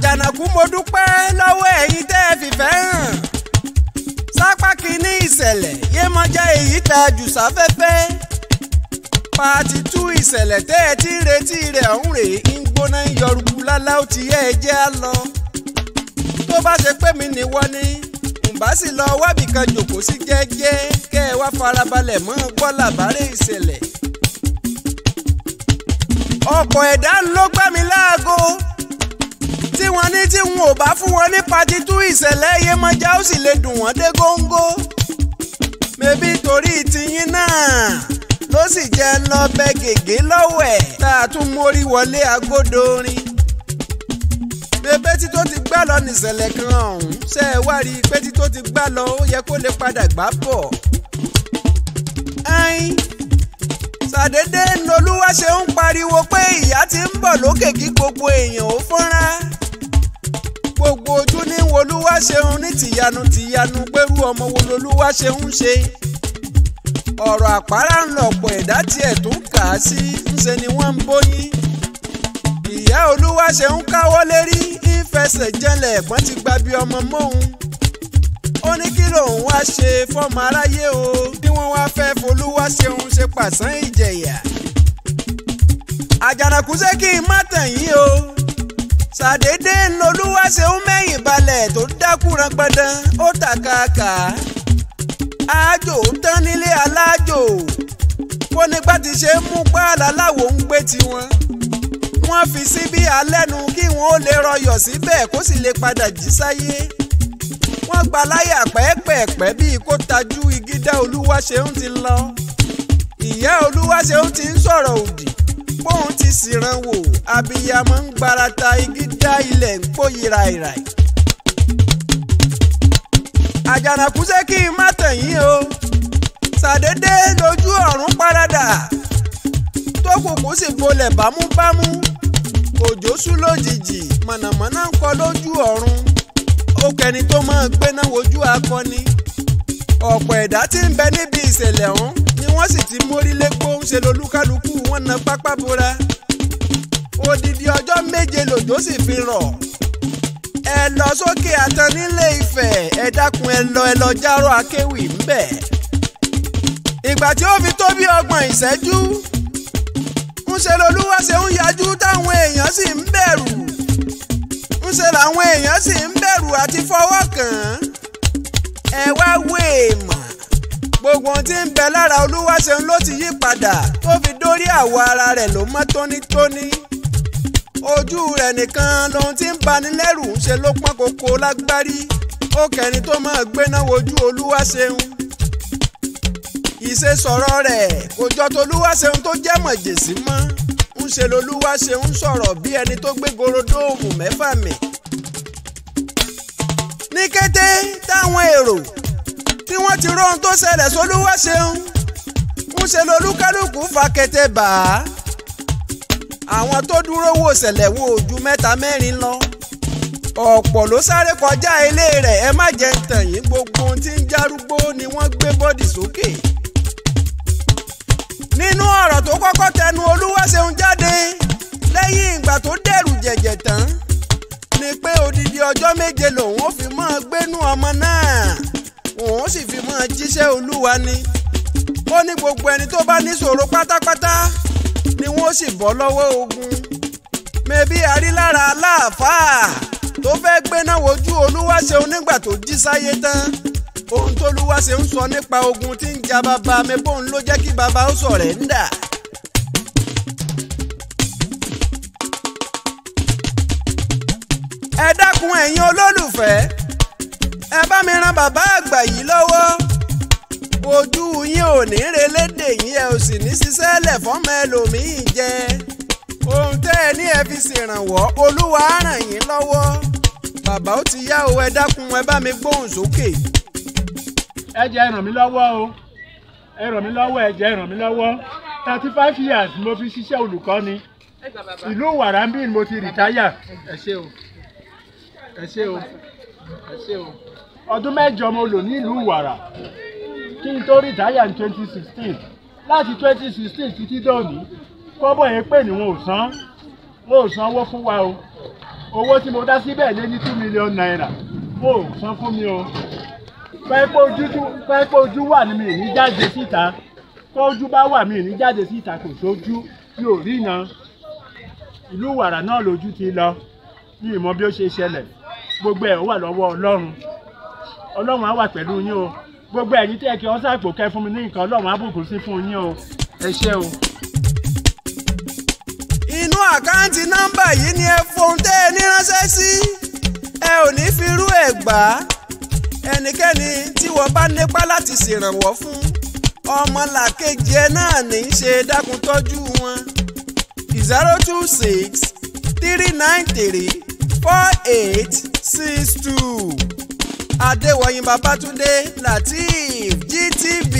àjànàkú mo dúpẹ́ lọ́wọ́ ẹ̀yin tẹ́ ẹ fìfẹ́ hàn sápá kínní ìṣẹ̀lẹ̀ Yemọja èyí tá a jù sáfẹ́fẹ́ pàtí tú ìṣẹ̀lẹ̀ tẹ́ ẹ ti retí rẹ̀ ọ̀hún rèé ń gbóná ń yọrùkú lálá ó ẹ jẹ́ á lọ tó bá ṣe pé mi níwọ́ ni ǹbá sì lọ wábì kan jòkó sí jẹ́jẹ́ kẹ́ ẹ wá farabalẹ̀ mọ́ gbọ́ làbárẹ̀ ìṣẹ̀lẹ̀ ọ̀pọ̀ ẹ̀dá ló gbá mi láago tí wọ́n ní tí wọn ò bá fún wọn ní patitú ìṣẹ̀lẹ̀ Yemọja ó sì lè dùn wọ́n dé góńgó mẹ́bí torí tiyín náà ló sì jẹ́ lọ́bẹ̀ gègé lọ́wọ́ ẹ̀ tá a tún mórí wọlé agodo orin bébé tí tó ti gbá lọ nìṣẹ̀lẹ̀ kan ọ̀hún ṣe é wá rí i pé tí tó ti gbá lọ ó yẹ kó lè padà gbá bọ̀. ẹyin ṣàdédé lolúwa ṣe ń pariwo pé ìyá ti ń bọ̀ lókè kí gbogbo èèyàn ó fọ́nrán gbogbo ojú ni wolúwa ṣeun ní tìyanu tìyanu pẹ̀lú ọmọ wo lolúwa ṣeun ṣe ọ̀rọ̀ àpárá ń lọ̀pọ̀ ẹ̀dá tiẹ̀ tó ń kà á sí ńṣe ni wọ́n ń bóyín ìyá olúwa ṣeun káwọ́ lérí ìfẹsẹ̀ jẹ́lẹ̀ ẹ̀gbọ́n ti gba bí ọmọ mọ́hún ó ní kí lòun wá ṣe fọ́mọ aráyé o bí wọ́n wá fẹ́ folúwa ṣeun ṣe pàṣán ìjẹ̀yà àjànàkú ṣé kí n má tẹ̀yìn o ṣàdédé lolúwa ṣeun mẹ́yìn balẹ̀ tó dákú ranpadan ó tàkàkà àjò tán nílé alájò kó nípa ti ṣe mú páàlà láwo ń gbé tiwọn wọ́n fi síbí alẹ́nu kí wọ́n ó lè rọyọ̀ síbẹ̀ kó sì lè padà jí sáyé wọ́n gba láyà pẹ́ẹ́pẹ́ẹ́pẹ́ bíi kó tajú igi dá olúwa ṣeun ti lọ ìyá olúwa ṣeun ti ń sọ̀rọ̀ òdì bóun ti sì ràn wò abiyamọ ń gbarata igi dá ilẹ̀ ń yira ràìràì. àjànàkú ṣé kí n má tẹ̀yìn o ṣàdédé lójú ọ̀run paradà tó kùkù sì bolẹ̀ bámúbámú òjò sú lójijì mọ̀nàmọ́ná ń kọ lójú ọ̀run ó kẹni tó máa gbéná wojú akọni ọ̀pọ̀ ẹ̀dá ti ń bẹ níbi ìṣẹ̀lẹ̀ ọ̀hún wọ́n sì ti mórí lépo ń ṣe lolúkálukú wọn na pápá bora odidi ọjọ́ méje lòdó sì fi rọ̀ ẹ lọ sókè àtàn nílé Ifẹ̀ ẹ dákun ẹ lọ ẹ lọ járọ̀ akéwì ńbẹ̀ ìgbà tí ó fi tó bí ọgbọ̀n ìṣẹ́jú ń ṣe lolúwa ṣe ń yájú táwọn èèyàn sì ń bẹ̀rù ń ṣe làwọn èèyàn sì ń bẹ̀rù àti fọwọ́ kàn án ẹ wá wé e ṣùgbọ́n tí ń bẹ lára Olúwaṣeun ló ti yí padà tó fi dórí àwọ̀ ara rẹ̀ ló mọ́ tónítóní ojú rẹ̀ nìkan lohun tí ń bani lẹ́rù ń ṣe ló pọ́n kókó lágbárí ó kẹrin tó máa gbéná wojú Olúwaṣeun ìṣesọ̀rọ̀ rẹ̀ kò jọ tolúwaṣeun tó jẹ́ mọ̀jèsí mọ́ ń ṣe lolúwaṣeun sọ̀rọ̀ bí ẹni tó gbé gorodóòmù mẹ́fà mì ní kété táwọn èrò Ni wọ́n ti róhun tó ṣẹlẹ̀ sólúwà ṣeun ń ṣe lolúkálùkù fa kété bà á àwọn tó dúró wò ṣẹlẹ̀ wo ojú mẹ́ta mẹ́rin lọ ọ̀pọ̀ ló sáré kọjá ilé rẹ̀ ẹ má jẹ́ tẹ̀yìn gbogbo ohun tí ń járúgbó ni wọ́n gbé bọ́dì sókè nínú ọ̀rọ̀ tó kọ́kọ́ tẹnu Olúwaṣeun jáde lẹ́yìn ìgbà tó dẹ̀rù jẹ̀jẹ̀ tán ni pé odidi ọjọ́ méje lòun ó fi máa gbénú ọmọ náà òun sì fi mọ́ jíṣẹ́ olúwa ni ó ní gbogbo ẹni tó bá níṣòro pátápátá ni wọ́n sì bọ́ lọ́wọ́ ogun mẹ́bí arílára aláàfáà tó fẹ́ gbéná wojú olúwaṣeun nígbà tó jí sáyé tán ohun tólúwaṣeun sọ nípa ogun tí ń ja bàbá mẹ́bóun ló jẹ́ kí bàbá ó sọ̀rẹ́ ń dà. ẹ dákun ẹ̀yin olólùfẹ́ ẹ bá mi ran bàbá àgbà yìí lọ́wọ́ ojú yín ò ní relédè yín ẹ ò sì ní ṣiṣẹ́ lẹ̀ fọ́mọ ẹlòmíín jẹ ohun tẹ́ ẹ ní ẹ fi ṣèrànwọ́ olúwa á ràn yín lọ́wọ́ bàbá ó ti yá o ẹ dákun ẹ bá mi gbóhùn sókè. ẹ jẹ́ ràn mí lọ́wọ́ o ẹ ràn mí lọ́wọ́ ẹ jẹ́ ràn mí lọ́wọ́ thirty five years mo fi ṣiṣẹ́ olùkọ́ni ìlú wàrà ń bí mo ti rìtáyà ẹ ṣé o ẹ ṣé o ọdún mẹ́jọ mo lò nílùú ìwàrà kí n tó rí ìdáyà ní twenty sixteen láti twenty sixteen títí dòní kọ́bọ̀ yẹn pè ní wọn ò san wọn ò sanwó fún wa o owó tí mo dá síbẹ̀ lé ní two million naira wọn ò san fún mi o pẹ́ẹ́pẹ́ ojú wà ní mi ní jáde síta tọ́jú bá wà mí ní jáde síta kò sójú mi ò rí iná ìlú wàrà náà lójú ti lọ ní ìmọ̀ bí ó ṣe ṣẹlẹ̀ gbogbo ẹ̀ wà lọ́wọ́ ọlọ́run ọlọ́run á wà pẹ̀lú yín o gbogbo ẹ̀yin tí ẹ kí wọ́n sàpò kẹ́ fún mi ní nǹkan ọlọ́run á bùkún sí fún yín o ẹ ṣé o. inú àkáǹtì nọ́mbà yìí ni ẹ fohùn tẹ́ ẹ ní sí ẹ ò ní fi irú ẹ̀ gbà á ẹnikẹ́ni tí wọ́n bá nípa láti ṣèrànwọ́ fún ọmọlàkejì ẹ náà ní í ṣe dákun tọ́jú wọn zero two six three nine three four eight six two adéwọ̀yìn babátúndé lateef gtv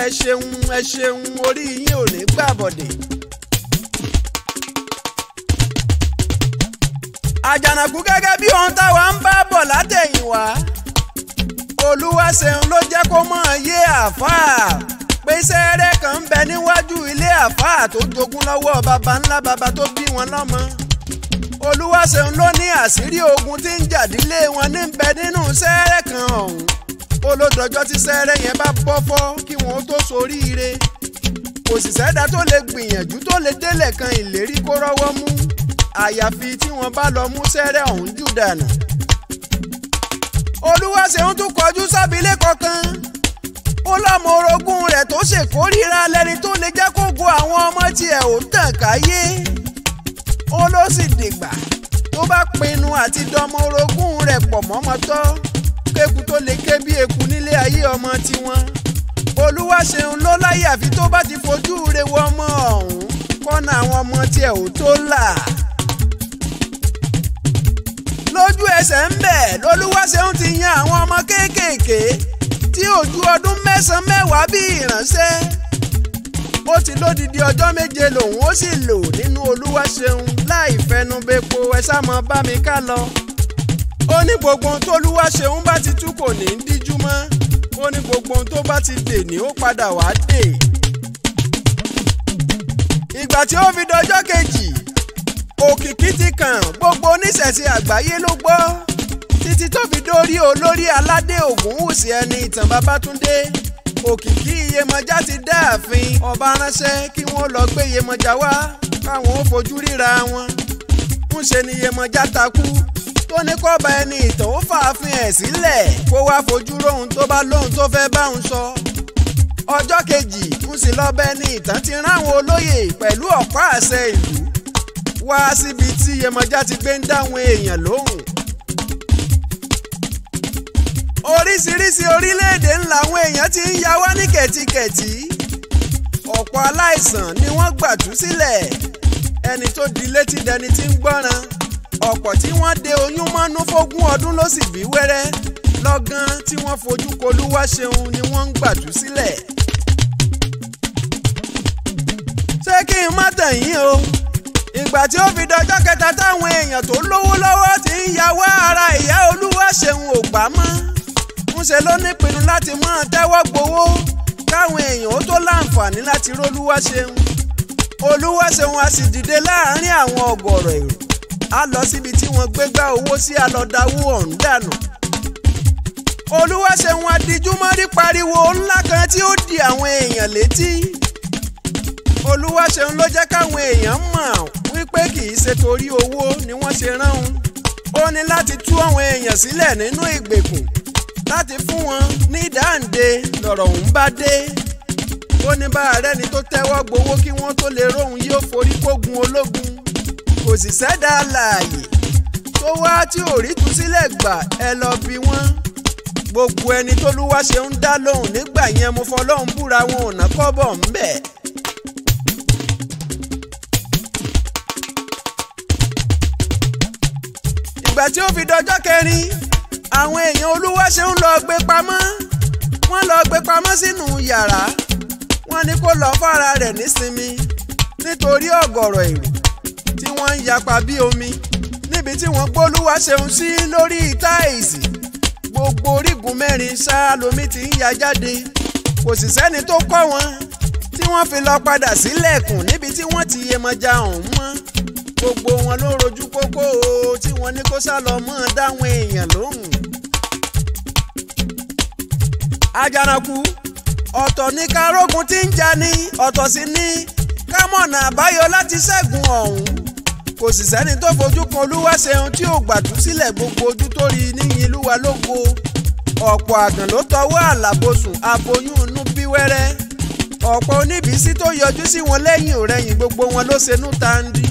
ẹ ṣeun ẹ ṣeun orí yín ò ní gbàbọ̀dẹ̀. àjànàkú gẹ́gẹ́ bí ohun táwa ń bá bọ̀ látẹ̀yìnwá olúwaṣeun ló jẹ́ kó mọ̀ yé àáfàá pé sẹ́ẹ̀rẹ́ kan ń bẹ níwájú ilé àáfàá tó jogún lọ́wọ́ baba ńlá baba tó bí wọn lọ́mọ olúwaṣeun ló ní àṣírí ogun tí ń jàdílé wọn ní bẹ nínú sẹ́rẹ̀ kan ọ̀hún ó ló dọjọ́ tí sẹ́rẹ̀ yẹn bá bọ́ fọ́ kí wọ́n tó soríire kò sì sẹ́dá tó lè gbìyànjú tó lè délẹ̀ kan ìlérí kó rọ́wọ́ mú àyàfi tí wọ́n bá lọ mú sẹ́rẹ̀ ọ̀hún jù dànù olúwaṣeun tún kọjú sábìlẹ́kọ kan ó lọ́mọ orogún rẹ̀ tó ṣèkórìíra lẹ́ni tó lè jẹ́ kó ó ló sì dìgbà tó bá pinnu àti dọmọ orogún rẹ̀ pọ̀ mọ́mọ́tọ́ kéku tó lè ké bí eku nílé ayé ọmọ tiwọn olúwaṣeun ló láyè àfi tó bá ti fojú re wọ ọmọ ọ̀hún kọ́nà àwọn ọmọ tiẹ̀ ò tó là lójú ẹsẹ̀ ń bẹ̀ lolúwaṣeun ti yan àwọn ọmọ kéékèèké tí ò ọdún mẹ́sàn-án mẹ́wàá bí ìránṣẹ́ bó ti lódìdí ọjọ́ méje lòun ó sì lò nínú Olúwaṣeun láì fẹnubẹpo ẹ ṣá máa bá mi ká lọ. ó ní gbogbo ohun t'Olúwaṣeun bá ti tú kò ní í díjú mọ́ ó ní gbogbo ohun tó bá ti dè ní ó padà wá dè. ìgbà tí ó fi dọjọ́ kejì òkìkí ti kàn gbogbo oníṣẹ̀ṣe àgbáyé ló gbọ́ títí tó fi dórí olórí aládé Ògúnwùsì Ẹniìtàn Babátúndé òkìkí iyemọja ti dáàfin ọba ránṣẹ́ kí wọ́n lọ gbé iyemọja wá káwọn ó fojú ríra wọn ń ṣe ni iyemọja takú tó ní kọ́ba ẹni ìtàn ó fàáfin ẹ̀ sílẹ̀ kó wá fojú róhun tó bá lóhun tó fẹ́ báhun sọ ọjọ́ kejì ń sì lọ bẹ́ẹ̀ ni ìtàn ti ráwọn olóyè pẹ̀lú ọ̀pá àṣẹ ìlú wá síbi tí iyemọja ti gbé ń dáwọn èèyàn lóhùn oríṣiríṣi orílẹ̀-èdè ńlá àwọn èèyàn ti ń ya wá ní kẹ̀tíkẹ̀tí ọ̀pọ̀ aláìsàn ni wọ́n gbàtú sílẹ̀ ẹni tó di létí dẹni tí ń gbọ́ràn ọ̀pọ̀ tí wọ́n de oyún mọ́nú fógún ọdún ló sì bí wẹ́rẹ́ lọ́gán tí wọ́n fojú kolúwa ṣeun ni wọ́n ń gbàtú sílẹ̀. ṣé kí n má tàn yín o ìgbà tí ó fi dọjọ́ kẹta táwọn èèyàn tó lówó lọ́wọ́ ti ń ya wá ara ìyá olúwa ṣeun ò gbà mọ́ ṣe ló nípinnu láti máa tẹ́wọ́ gbowó káwọn èèyàn ó tó láǹfààní láti rólúwá ṣeun olúwa ṣeun a sì dìde láàárín àwọn ọ̀gọ̀rọ̀ èrò a lọ síbi tí wọ́n gbégbá owó sí alọ́dáwó ọ̀hún dànù olúwa ṣeun adijúmọ́rí pariwo ńlá kan tí ó di àwọn èèyàn létí olúwa ṣeun ló jẹ́ káwọn èèyàn mọ̀ wípé kì í ṣe torí owó ni wọ́n ṣe rán un ó ní láti tú àwọn èèyàn sílẹ̀ nínú ìgbèkùn láti fún wọn ní dáǹde lọ̀rọ̀ òun bá dé ó ní bá ààrẹ ni tó tẹ́wọ́ gbowó kí wọ́n tó lè róhun yóò forí kógun ológun kò sì sẹ́dá láàyè tó wá tí ò rí tú sílẹ̀ gbà ẹ lọ bí wọ́n gbogbo ẹni tó lúwa ṣe ń dá lóhùn nígbà yẹn mo fọlọ́hún búra wọn ò ná kọ́bọ̀ ń bẹ̀. ìgbà tí ó fi dọjọ́ kẹrin àwọn èèyàn Olúwaṣeun lọ gbé pamọ́ wọ́n lọ gbé pamọ́ sínú yàrá wọ́n ní kó lọ fara rẹ̀ nísinmi nítorí ọ̀gọ̀rọ̀ èrò tí wọ́n ń yapa bí omi níbi tí wọ́n gbé Olúwaṣeun sí lórí táìsì gbogbo orígun mẹ́rin ṣáá lomi ti ń ya jáde kò sì sẹ́ni tó kọ́ wọn tí wọ́n fi lọ padà sílẹ̀kùn níbi tí wọ́n ti Yemọja ọ̀hún mọ́ gbogbo wọn ló rojú kókó o tí wọ́n ní kó sá lọ mọ́ dáwọn èèyàn lóhùn àjànàkú ọ̀tọ̀ ní karógun tí ń jani ọ̀tọ̀ sí ní kámọ̀nà àbáyọ láti ṣẹ́gun ọ̀hún kò sì sẹ́ni tó fojú kan olúwa ṣeun tí ò gbàdú sílẹ̀ gbogbo ojú tó rí níyìn olúwa lógo ọ̀pọ̀ àgàn ló tọwọ́ àlàbosùn aboyún inú bí wẹ́rẹ́ ọ̀pọ̀ oníbísí tó yọjú sí wọn lẹ́yìn òrẹ́yìn gbogbo wọn ló ṣenú tandi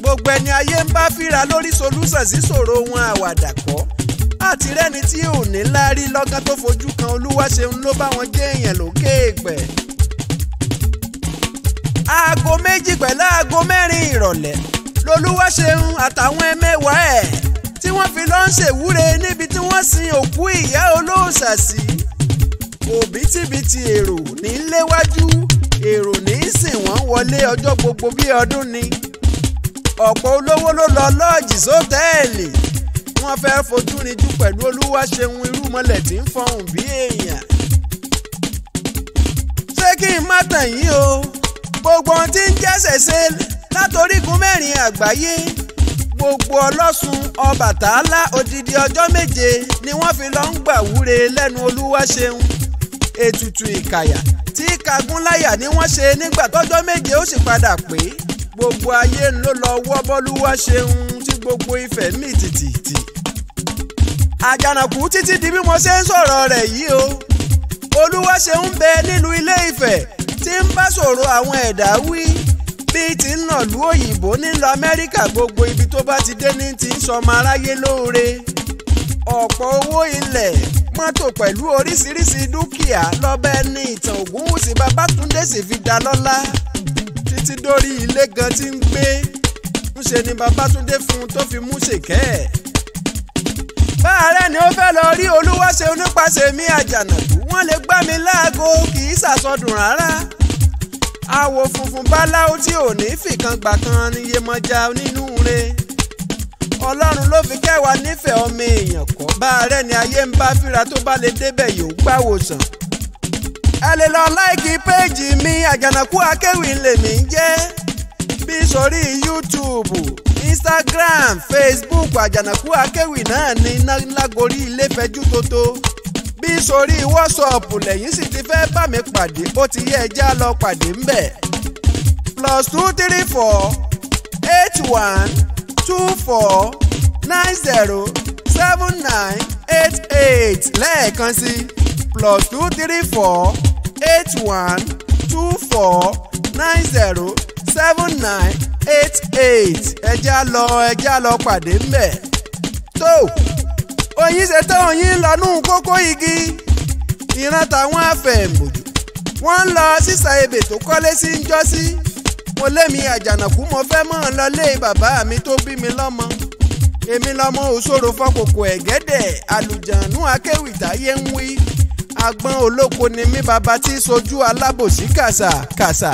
gbogbo ẹni ayé ń bá fíra lórí solúsàn sí ṣòro wọn àwàdà àti rẹ́ni tí ò ní lárí lọ́gán tó fojú kan Olúwaṣeun ló bá wọn jẹ́ èèyàn lókè èèpẹ̀. aago méjì pẹ̀lú aago mẹ́rin ìrọ̀lẹ́ lolúwaṣeun àtàwọn ẹmẹ́wàá ẹ̀ tí wọ́n fi lọ́ọ́ ṣèwúre níbi tí wọ́n sin òkú ìyá olóòṣà sí. òbítíbitì èrò ní léwájú èrò ní sìn wọ́n wọlé ọjọ́ gbogbo bíi ọdún ni. ọ̀pọ̀ olówó ló lọ lọ́ọ̀jì sọ́tẹ́ẹ̀lì. So wọ́n fẹ́ fojú rinjú pẹ̀lú olúwa ṣeun irú mọ́lẹ̀ tí ń fọhùn bí èèyàn. ṣé kí n má tàn yín o gbogbo ohun tí ń jẹ́ ṣẹ̀ṣe látorígun mẹ́rin àgbáyé gbogbo ọlọ́sùn Ọbàtálá odidi ọjọ́ méje ni wọ́n fi lọ ń gbàwúre lẹ́nu olúwa ṣeun ètùtù ìkàyà tí kagúnláyà ni wọ́n ṣe nígbà tọ́jọ́ méje ó sì padà pé gbogbo ayé ló lọ wọ́ bọ́lúwa ṣeun tí gbogbo Ifẹ̀ mì tìtìtì àjànàkú títí di bí mo ṣe ń sọ̀rọ̀ rẹ̀ yìí o olúwa ṣe ń bẹ nílùú ilé Ifẹ̀ tí ń bá sọ̀rọ̀ àwọn ẹ̀dá wí bíi ti ń nàlú òyìnbó nílùú Amẹ́ríkà gbogbo ibi tó bá ti dé ní ti ń sọmọ aráyé lóore ọ̀pọ̀ owó ilẹ̀ mọ́tò pẹ̀lú oríṣiríṣi dúkìá lọ́bẹ̀ ní ìtàn Ògúnwùsì Babátúndé sì fi dá lọ́lá títí dórí ilé gan tí ń gbé ńṣe ni Babátúndé fún un tó fi mú ṣèkẹ́ ẹ̀ báàrẹ̀ ni ó fẹ́ lọ rí olúwaṣeun nípasẹ̀ mi àjànàkú wọ́n lè gbá mi láago kì í ṣàsọdùn rárá àwọ̀ funfun báláwo tí ò ní fìkan gbà kan ni Yemọja nínú re ọlọ́run ló fi kẹwàá nífẹ̀ẹ́ ọmọ èèyàn kọ́ báàrẹ̀ ni ayé ń bá fíra tó bá lè débẹ̀ yóò gbàwòsàn ẹ lè lọ láìkí péèjì mi àjànàkú akéwì lèmi ń jẹ́ bí sórí YouTube instagram facebook àjànàkú akéwì náà ní lágorí ilé fẹjú tótó bí sórí wọ́sọ̀pù lẹ́yìn sì ti fẹ́ bá mi pàdé ó ti yẹ ẹja lọ pàdé ńbẹ̀ plus two three four eight one two four nine zero seven nine eight eight lẹ́ẹ̀kan sí plus two three four eight one two four nine zero seven nine eight eight ẹjẹ́ á lọ ẹjẹ́ á lọ pàdé ńbẹ̀ tó oyin ṣe tán oyin lọ́nù kókó igi ìran tàwọn afẹ̀mọ̀jù wọ́n ń lọ sísà ebè tó kọ́lé sí ń jọ́ sí mo lémi àjànàkú mo fẹ́ mọ́ ọ lọlé bàbá mi tó bí mi lọ́mọ èmi lọ́mọ òṣòro fọkòkò ẹ̀gẹ́dẹ̀ àlùjànú akéwìtá yé ń wí agbọ́n olóko ni mí bàbá tí sojú alábòsí kàṣà kàṣà.